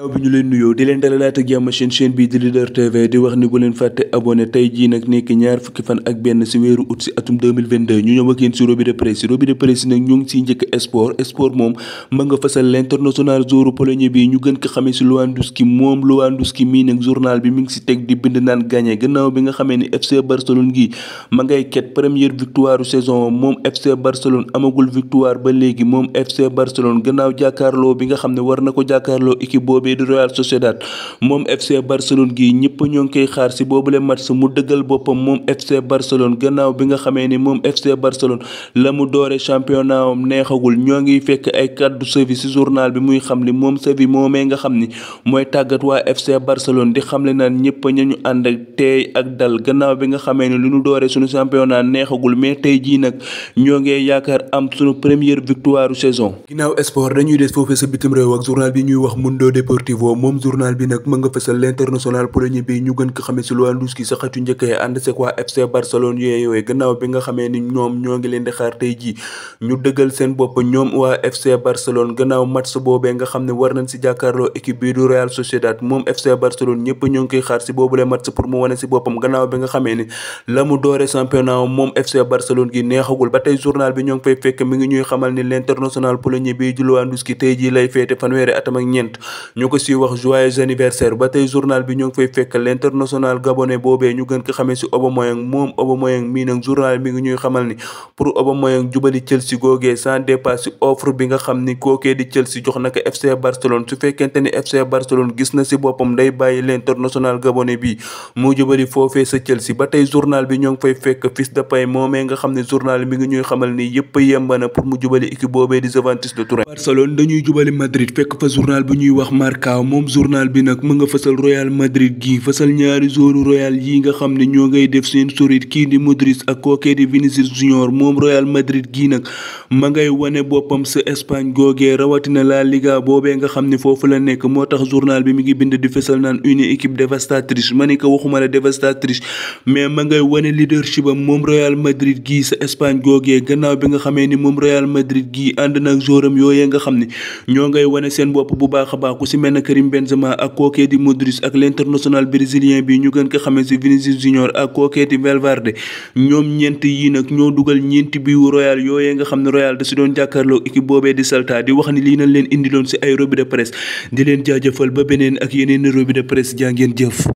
ginnaaw bi ñu leen nuyoo di leen ni ñu ñëw si njëkk sport sport moom ma nga fasal l'international zoru polonais bi ñu gën ko xamee si Lewandowski moom Lewandowski mii nag journal bi mi ngi si teg di bind naan gagné gannaaw bi nga xamee ni FC Barcelone gi ma ngay ket première victoire saison moom FC Barcelone amagul victoire ba léegi moom FC Barcelone gannaaw jàkkaarloo bi nga xam ne war na ko jàkkaarloo équipe boobu bii di Sociedad moom FC Barcelone gi ñëpp ñoo ngi koy xaar si boobule match mu dëggal boppam moom FC Barcelone gannaaw bi nga xamee ni moom FC Barcelone la mu doore championnat am neexagul ñoo ngi fekk ay kàddu Xavi si journal bi muy xam ni moom Xavi moomee nga xam ni mooy tàggat waa FC Barcelone di xamle naan ñëpp ñu ñu ànd ak teey ak dal gannaaw bi nga xamee ni lu ñu doore suñu championnat neexagul mais tey jii nag ñoo ngi yaakaar am suñu première victoire Deportivo moom journal bi nag ma nga fësal l'international polonais bi ñu gën ko xamee si Lewandowski sa xëtu njëkkee ànd sek waa FC Barcelone yooyu gannaaw bi nga xamee ni ñoom ñoo ngi leen di xaar tey jii ñu dëggal seen bopp ñoom waa FC Barcelone gannaaw match boobee nga xam ne war nañ si jàkkaarloo équipe bii du Real Sociedad moom FC Barcelone ñëpp ñoo ngi koy xaar si boobule match pour mu wane si boppam gannaaw bi nga xamee ni la mu doore championnat moom FC Barcelone gi neexagul ba tey journal bi ñoo ngi fay fekk mi ngi ñuy xamal ni l'international polonais bi di Lewandowski tey jii lay feete fanweeri atam ak ñeent ñu ko siy wax joyeux anniversaire ba tey journal bi ñu ngi fay fekk l'international gabonais boobee ñu gën ko xamee si Aubameyang moom Aubameyang mii nag journal mi ngi ñuy xamal ni na bi mu jubali foofee sa Chelsea ba tey journal bi ñoo ngi fay fekk Fils de Paye moomee nga xam ne journal mi ngi ñuy xamal ni yëpp yemba pour mu jubali équipe boobee di Juventus de Turin Barcelone dañuy jubali Madrid fekk fa journal bu ñuy wax Marca Marca moom journal bi nag mu nga fësal Real Madrid gi fësal ñaari joueurs Real yi nga xam ne ñoo ngay def seen sorit kii di Modric ak kookee di Vinicius Junior moom Real Madrid gi nag ma ngay wane boppam sa Espagne googee rawatina La Liga boobee nga xam ne foofu la nekk moo tax journal bi mi ngi bind di fësal naan une équipe dévastatrice ma ne ko waxuma la dévastatrice mais ma ngay wane leadership am moom Real Madrid gi sa Espagne googee gannaaw bi nga xamee ni moom Real Madrid gi ànd nag jouram yooyee nga xam ne ñoo ngay wane seen bopp bu baax ku si mel xamee na Karim Benzema ak kookee di Modric ak l'international brésilien bi ñu gën ko xamee si Vinicius Junior ak kookee di Valverde ñoom ñeent yi nag ñoo dugal ñeenti biwu Royal yooyee nga xam ne Royal da si doon jàkkaarloo équipe boobee di Celta di wax ni lii nañ leen indiloon si ay revue de presse di leen jaajafal ba beneen ak yeneen revue de presse jaa ngeen jëf